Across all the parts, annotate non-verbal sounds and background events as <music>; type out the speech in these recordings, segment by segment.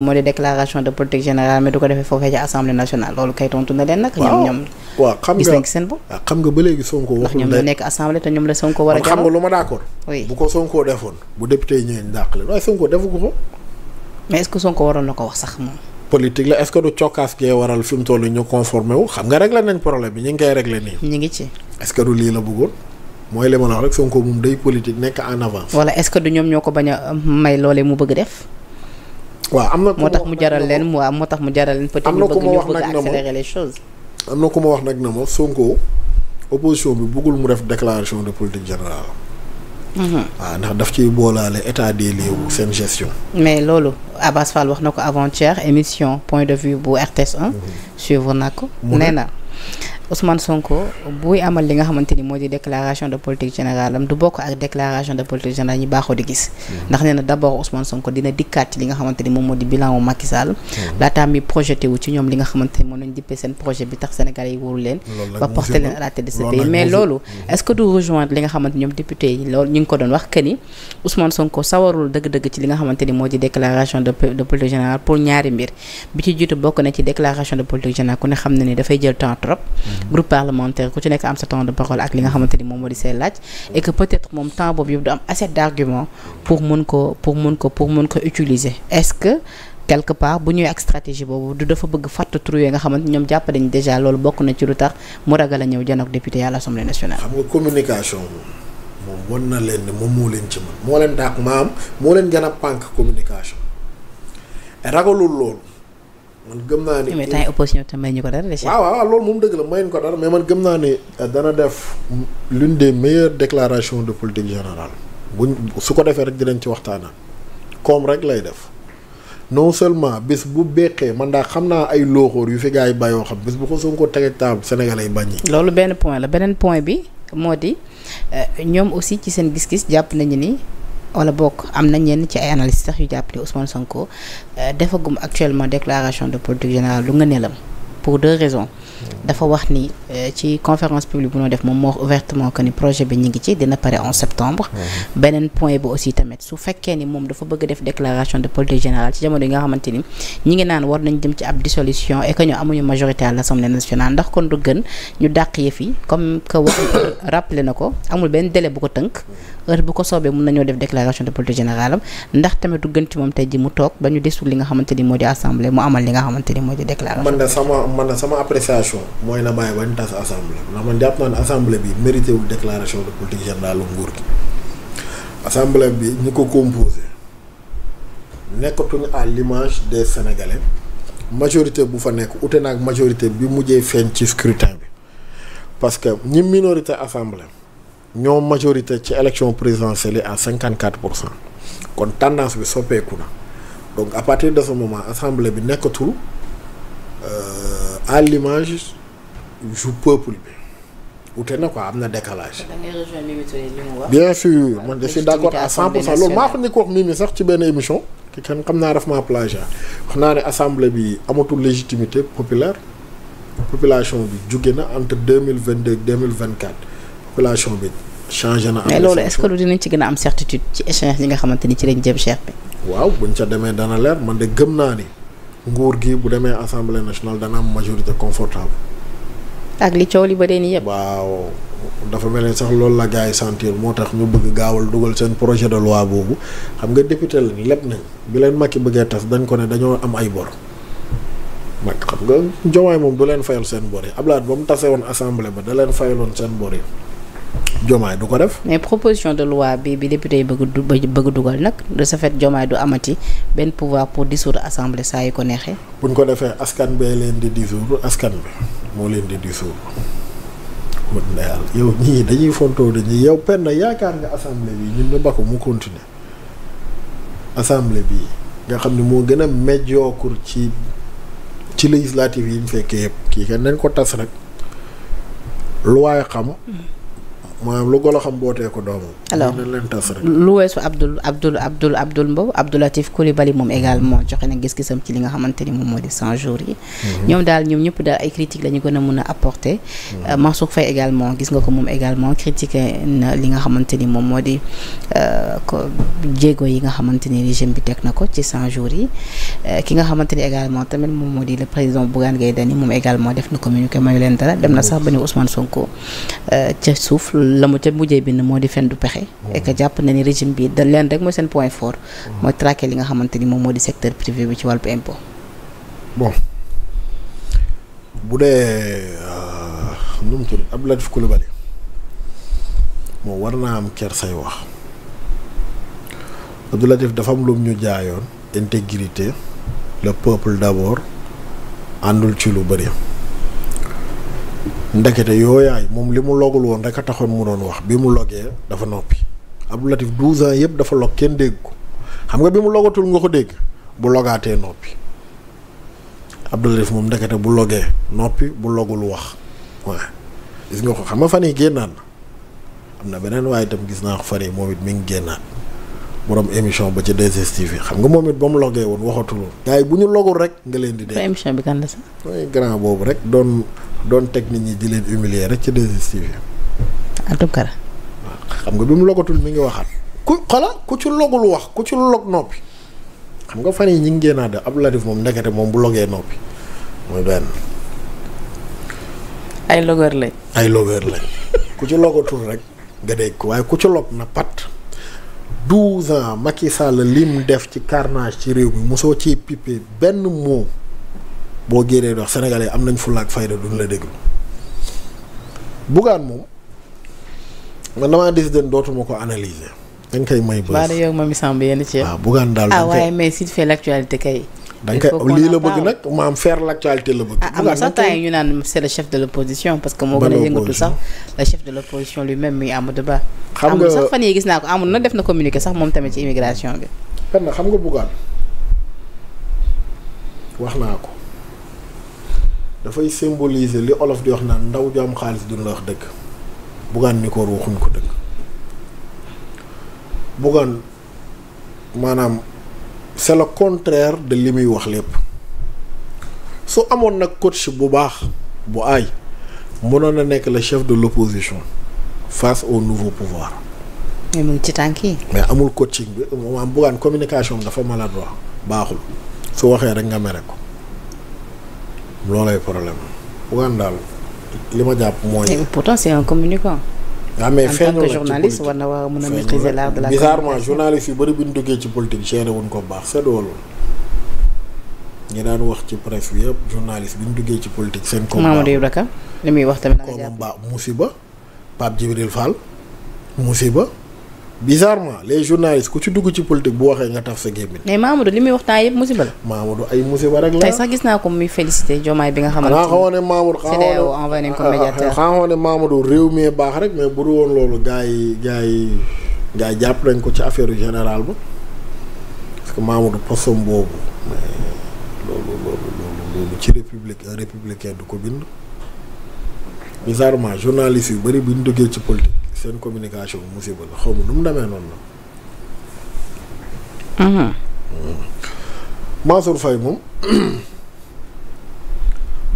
moo di déclaration de politique générale mais du ko defee foofee ci assemblée nationale loolu kay tontu na leen nag. ñoom ñoom nga ba léegi Sonko waxul ndax nekk assemblée te ñoom la Sonko war ko waroon na ko wax sax moom. politique la est cokkaas gee waral fi mu toll ñu conformé wu xam nga réglé nañ problème bi ñu ngi koy nii. ñu ngi ci. est-ce lii la bëggoon. mooy li wax rek Sonko moom day politique nekk en avance. wala est-ce que du ñoom ñoo ko bañ a euh, may loolee mu bëgg def waaw am na moo tax mu jaral leen mu waaw moo tax mu jaral leen. peut-être ñu bëgg ñu bëgg accélérer les choses. am na wax nag na ma Sonko opposition bi bëggul mu def déclaration de politique générale. Mhm. waaw ndax daf ciy boolaale état des lieux wu seen gestion. mais loolu Abass wax na ko avant-hier émission point de vue bu RTS 1. Mhm. suivre na ko nee na. Ousmane Sonko buy amal li nga xamante ni moo di déclaration de politique générale am du bokk ak déclaration de politique générale baaxoo gis. Mm-hmm. ndax nee na d' abord Ousmane Sonko dina dikkaat ci li xamante ni moom moo di bilan wu Macky Sall. Mm-hmm. laataa mi nga xamante ni moom lañ dippee seen projet bi tax Sénégalais yi wóoru leen. ba porté leen à la tête de ce mm-hmm. du rejoindre li nga ngi ko doon wax que ni Ousmane Sonko dëgg ci li nga xamante ni moo di déclaration de de politique générale pour ñaari mbir bi ci jiitu bokk na ci déclaration de politique générale ku ne xam na ni dafay jël temps trop groupe parlementaire ku ci nekk am sa temps de parole ak li nga xamante ni moom moo di seen laaj et que peut moom temps boobu du ko pour mun ko ko utiliser est-ce que quelque part bu ñëwee ak boobu du dafa bëgg fàtt trou yi nga xamante ñoom jàpp nañu déjà loolu bokk na ci lu tax mu ragal a ñëw janook député à l'Assemblée nationale. xam nga communication moom wan na leen ne moom moo leen ci mën moo leen dàq maam moo leen gën a pànk communication ragalul loolu. man gëm naa ne mais temps opposition tam may ñu ko dara. waaw waaw loolu moom dëgg la mayuñu ko dara mais man gëm naa ne euh, dana def lu l'une des meilleures déclarations de politique générale bu su ko defee rek dinañ ci waxtaanal comme rek lay def non seulement bis bu beqee man daa xam naa ay looxoor yu fi gars yi bàyyoo xam bis bu ko Sonko tege tegee Sénégalais yi bañ yi. loolu benn point la beneen point bi moo di euh, ñoom aussi ci seen gis-gis jàpp nañu ni. wala bokk am na ñenn ci ay analyste sax yu jàpp ne Ousmane Sonko euh, defagum actuellement déclaration de politique générale lu nga nelam pour deux raisons dafa wax ni eh, ci conférence publique bu noo def moom moo ouvertement que ni projet bi ñu ngi ci dina pare en septembre. Mhm. beneen point bi aussi tamit su fekkee ni moom dafa bëgg def déclaration de politique générale ci jamono yi nga xamante ñi ngi naan war nañ jëm ci ab dissolution et que ñu amuñu majorité à l'Assemblée nationale ndax kon du gën ñu dàq yëf yi comme que wax <coughs> rappelé na ko amul benn dele bu ko tënk heure bu ko soobee mun na ñoo def déclaration de politique général am ndax tamit du gën ci moom tey ji mu toog ba ñu desul li nga xamante ni moo di assemblée mu amal li nga xamante ni moo di déclaration mooy na bàyyi bañ tas assemblée ndax man jàpp naa ne assemblée bi mérité wul déclaration de politique générale nguur gi assemblée bi ñi ko composé nekkatuñu à l'image des sénégalais majorité bu fa nekk ute ak majorité bi mujjee feeñ ci scrutin bi parce que ñi minorité assemblée ñoo majorité ci élection présidentielle yi à cinquante quatre pour cent kon tendance bi soppeeku na donc à de ce moment assemblée bi nekkatul. Euh, à l'image ju peuple bi wute na ko am na décalage. da ngay rejoindre Mimi Touré li bien sûr man je suis d'accord à 100 pour cent loolu maa ko ni ko wax Mimi sax ci benn émission. ki kenn xam naa daf maa plagiat wax naa ne assemblée bi amatul légitimité populaire population bi jóge na entre deux mille vingt deux deux mille vingt quatre population bi changé na. am mais loolu est-ce ci gën am certitude ci échange yi nga xamante ni ci lañ jëm Cheikh bi. waaw buñ ca demee dana leer man de gëm naa ni. nguur gi bu demee assemblée nationale danga am majorité confortable ak li coow li ba dee ni yëpp. waaw dafa mel ni sax loolu la gars yi sentir moo tax ñu bëgg gaawal dugal seen projet de loi boobu xam nga député lañ lépp nag bi leen Macky bëggee tas dañ ko ne dañoo am ay bor. Macky xam nga Diomaye moom du leen fayal seen bor yi Abdoulaye ba mu tasee woon assemblée ba da leen fayaloon seen bor yi. Diomaye du ko def. mais proposition de loi bi bi député yi bëgg du bëgg dugal nag de sa fait Diomaye du amati benn pouvoir pour dissoudre assemblée saa yu ko neexee. bu ko defee askan bee leen di dissoudre askan bi moo leen di dissoudre wut na yàlla yow ñii dañuy fontoo dañuy yow penn yaakaar nga assemblée bi ñun ñu ba mu continuer assemblée bi nga xam ne moo gën a médiocre ci ci législative yi ñu fekkee yëpp kii kenn nañ ko tas rek lu xam. Mm. maanaam lu golo xam bootee ko doomam. alors dañ leen tas rek. lu weesu Abdoul Abdoul Abdoul Abdoul Mbow Abdoulatif moom également joxe na gis-gisam ci li nga xamante ni moom moo di 100 jours yi. Mhm. ñoom daal ñoom ñëpp daal ay critiques la ñu gën mhm. euh, gis nga ko moom également critiqué na li nga xamante ni moom moo di euh, ko jéego yi nga xamante ni régime bi teg na ko ci 100 jours yi euh, ki nga xamante ni également tamit moom moo di le président Bougane gay Dany moom également def na communiqué mayu leen dara dem na sax ba ni Ousmane Sonko ca suuf. la mu ca mujjee bind moo di fen du pexe et jàpp na ni régime bi da leen rek mooy seen point fort mooy traqué li nga xamante ni moom moo di secteur privé bi ci wàllu impôt bon bu dee euh, nu mu tudd Abdou Latif Coulibaly war naa am ker say wax Abdou Latif dafam am lum ñu jaayoon intégrité le peuple d'abord àndul ci lu bëri ndekete yooyaay moom li mu logul woon rek a taxoon mu doon wax bi mu logee dafa noppi Abdou Latif 12 ans yëpp dafa log kenn dégg ko xam nga bi mu logatul nga ko dégg bu logaatee noppi Abdou Latif moom ndekete bu logee noppi bu logul wax waaw gis nga ko xam nga fan yi génnaat na am na beneen waaye itam gis naa ko fan yi moom it mi ngi génnaat borom émission ba ci 2STV xam nga moom it ba mu logee woon waxatul woon. bu ñu logul rek nga leen di. dégg émission bi kan sax. mooy grand boobu rek doon teg nit ñi di leen humilier rek ci 2STV en tout xam nga bi mu logatul mi ngi waxaat ku xola ku ci logul wax ku ci log noppi xam nga fan yi ñu ñi ngi génnaat de la Latif moom ndekete moom bu logee noppi mooy benn ay logeur lañ ay logeur lañ ku ci logatul rek nga dégg ko waaye ku ci log na pat 12 ans Macky Sall lim def ci carnage ci réew bi mosoo ci pipe benn moom boo génnee wax sénégalais am nañ fulla ak fayda duñ la déglu Bougane moom man damaa décidé dootuma ko analyser. dañ koy may bës baal yow Mamy Samb yenn ci waaw Bougane daal ah waaye mais si tu fais l'actualité kay. dañ koy lii la bëgg nag maam faire l'actualité la bëgg. ah am ah, sax temps ñu naan c'est le chef de l'opposition parce que moo gën a yëngatu sax le chef de l'opposition lui-même muy Amadou Ba. xam nga amul gis naa ko amul na def na communiqué sax moom tamit ci immigration bi. xam nga Bougane wax naa ko. dafay symboliser li olof di wax naan ndaw ju xaalis duñ la wax dëgg Bougane Nikor waxuñ ko dëkk Bougane maanaam c'est contraire de li muy wax lépp su amoon nag coach bu baax bu aay mënoon a nekk la chef de l'opposition face au nouveau pouvoir. mais ci tànk yi. mais amul coaching bi maanaam Bougane communication dafa maladroit baaxul su waxee rek nga mere ko. loolay problème Bougane daal li ma jàpp mooy. pourtant c'est un communicant. ah mais feeñoo la ci politique en tant que journaliste war na war a mën a maîtriser l'art de la communication bizarrement journaliste yu bëri bu ñu duggee ci politique gérer wuñ ko baax c'est loolu. ñi daan wax ci presse bi yëpp journaliste bi ñu duggee ci politique. seen koom baax Mamadou Ibra Kane li muy wax tamit. koom baax musiba Pape Djibril Fall musiba. bizarrement les journalistes ku ci dugg ci politique bu waxee nga taf sa gémmiñ. mais Mamadou li muy wax temps yëpp musiba la. Mamadou ay musiba rek la tey naa ko muy félicité Diomaye bi nga. xamante ne Mamadou. CEDEAO réew mi baax rek mais bu dul woon loolu gars yi gars jàpp nañ ko ci affaire général ba parce que Mamadou posom boobu mais loolu loolu loolu ci républicain du ko bind. bizarrement journalistes yu bëri bi ñu duggee ci politique. seen communication musiba la xaw ma nu mu demee noonu la. Mhm. Hmm. Mansour Faye moom <clears throat>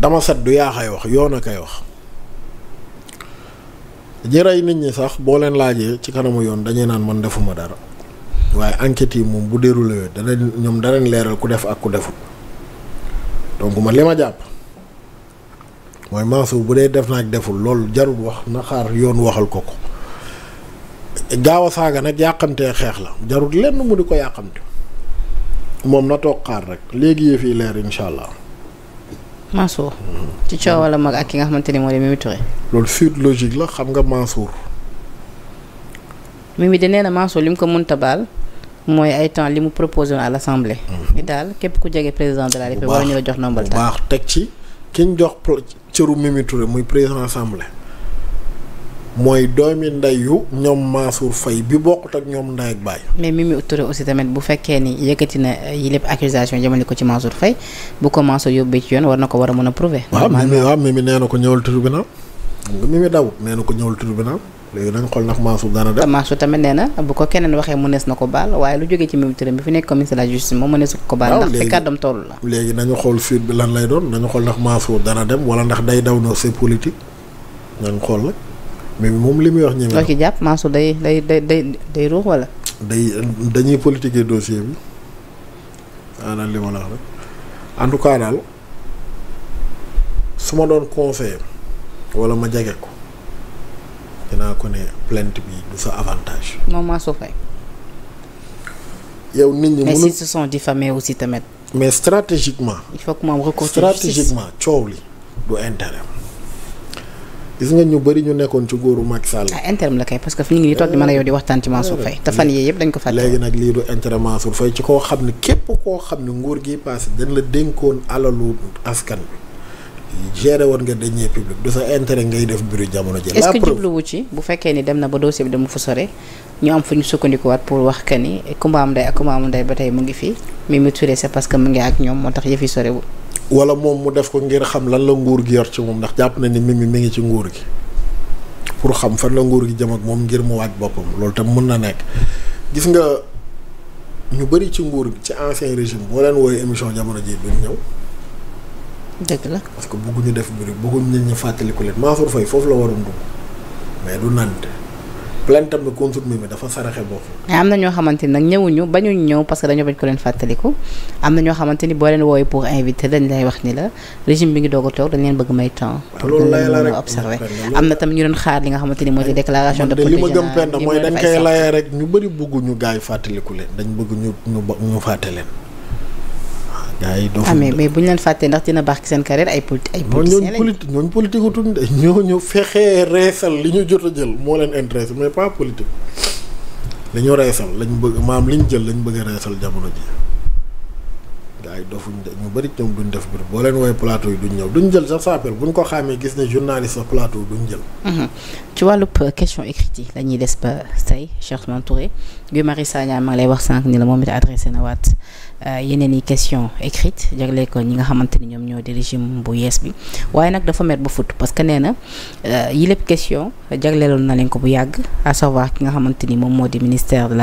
dama set du yaaxay wax yoon a koy wax. ñi rey nit ñi sax boo leen laajee ci kanamu yoon dañuy naan man defuma dara waaye enquête yi moom bu déroulé dana ñoom danañ leeral ku def ak ku defut donc ma li ma jàpp mooy Mansour bu dee def naag deful loolu jarul wax na xaar yoon waxal ko ko gaaw a saaga nag yàqamtee xeex la jarut lenn mu di ko yàqamte moom na toog xaar rek léegi yëf yi leer incha allah. Mansour. Mhm. ci coow la mag ak ki nga xamante ni moo di Mimi Touré. loolu suite logique la xam nga Mansour. Mimi de nee na Mansour li mu ko mënta baal mooy ay temps li mu proposé woon à l'assemblée. ni mhm. daal képp ku jege président de la république. war ñu la jox nombal taal baax teg ci ki jox cëru Mimi muy président assemblée. mooy doomi ndeyu ñoom Mansour Faye bi bokkut ak ñoom ndey ak baay. mais Mimi Touré aussi tamit bu fekkee ni yëkkati na euh, yi lépp accusation jëmale ko bu ko Mansour yóbbee ci yoon war na ko war a mën a prouver. waaw Mimi waaw Mimi nee na ko ñëwal tribunal Mimi dawut nee na ko ñëwal tribunal léegi nañ xool ndax Mansour dana def. Mansour nee na bu ko keneen waxee mënees na ko baal waaye lu jógee ci Mimi Touré bi fi nekk commissaire de la justice la. léegi nañu xool suite bi lan lay doon nañu xool ndax Mansour dana dem wala ndax day daw no c'est politique nañ xool la mais moom li muy wax ñeme na loo ci jàpp Mansour day day day day day ruux wala. day dañuy la wax tout cas daal ma doon conseiller ma jege ko dinaa ko ne plainte bi du sa avantage. moom mais aussi tamit. mais stratégiquement. il faut que mu am stratégiquement coow li du intérêt. gis nga ñu bëri ñu nekkoon ci góoru Macky Sall. a ah, intérim la kay parce fi ñu ngi toog di mën a yow di waxtaan ci Mansour Faye te fan yii yëpp dañ ko fàtte. léegi nag lii du ngay def biiru jamono ji. est-ce que jubluwu ci bu fekkee ni dem na ba dossier bi dem fu sore ñu am fu ñu sukkandikuwaat pour wax que ni Kumba am ndey ak Kumba am ba tey mu ngi fi Mimi Touré c'est parce que mu ngi ak ñoom moo tax yëf yi sorewul wala moom mu def ko ngir xam lan la nguur gi yor ci moom ndax jàpp na ni Mimi mi ngi ci nguur gi pour xam fan la nguur gi jëm ak moom ngir mu waaj boppam loolu tam mën na nekk gis nga ñu bëri ci nguur gi ci ancien régime boo leen woowee émission jamono jii duñ ñëw. dëgg la parce que bëgguñu def mbir bëgguñu nit ñi fàttaliku leen Mansour Faye foofu la waroon dugg mais du nante plainte am na contre Mimi dafa saraxe bopp. mais am na ñoo xamante ni nag ñëwuñu ba ñu ñëw parce que dañoo bañ ko leen fàttaliku am na ñoo xamante ni boo leen woowee pour invité dañ lay wax ni la régime bi ngi doog a toog dañ leen bëgg may temps. pour loolu lay observé am na tamit ñu doon xaar li nga xamante ni mooy di déclaration de politique générale li mooy dañ koy layee rek ñu bëri bëgguñu gars yi fàttaliku leen dañ bëgg ñu ñu fàtte leen gars yi doo. Ah, mais mais bu ñu leen fàttee ndax dina baax ci seen carrière ay politi ay. politiciens lañu ñooñu ñooñu politique utuñ de ñooñu fexee reesal li ñu jot a jël moo leen intéressé mais pas politique. dañoo reesal lañ bëgg maam ñu jël lañ bëgg a reesal jamono ji. gars yi dofuñ de ñu bëri ñoom def boo leen woowee plateau yi duñ ñëw duñ jël sax sa appel buñ ko xaamee gis ne journaliste sax plateau duñ jël. Mhm. ci wàllub euh, question écrite yi la ñuy des ba say Cheikh Ousmane Touré Guy Marius Sagna ngi lay wax sànq ni la moom it adressé na waat euh, yeneen i question écrite jagle ko ñi nga xamante ni ñoom ñoo di régime bu yees bi waaye nag dafa met ba fut parce que nee na euh, yi lépp question jagleeloon na leen ko bu yàgg a savoir ki nga xamante ni moom moo di ministère la.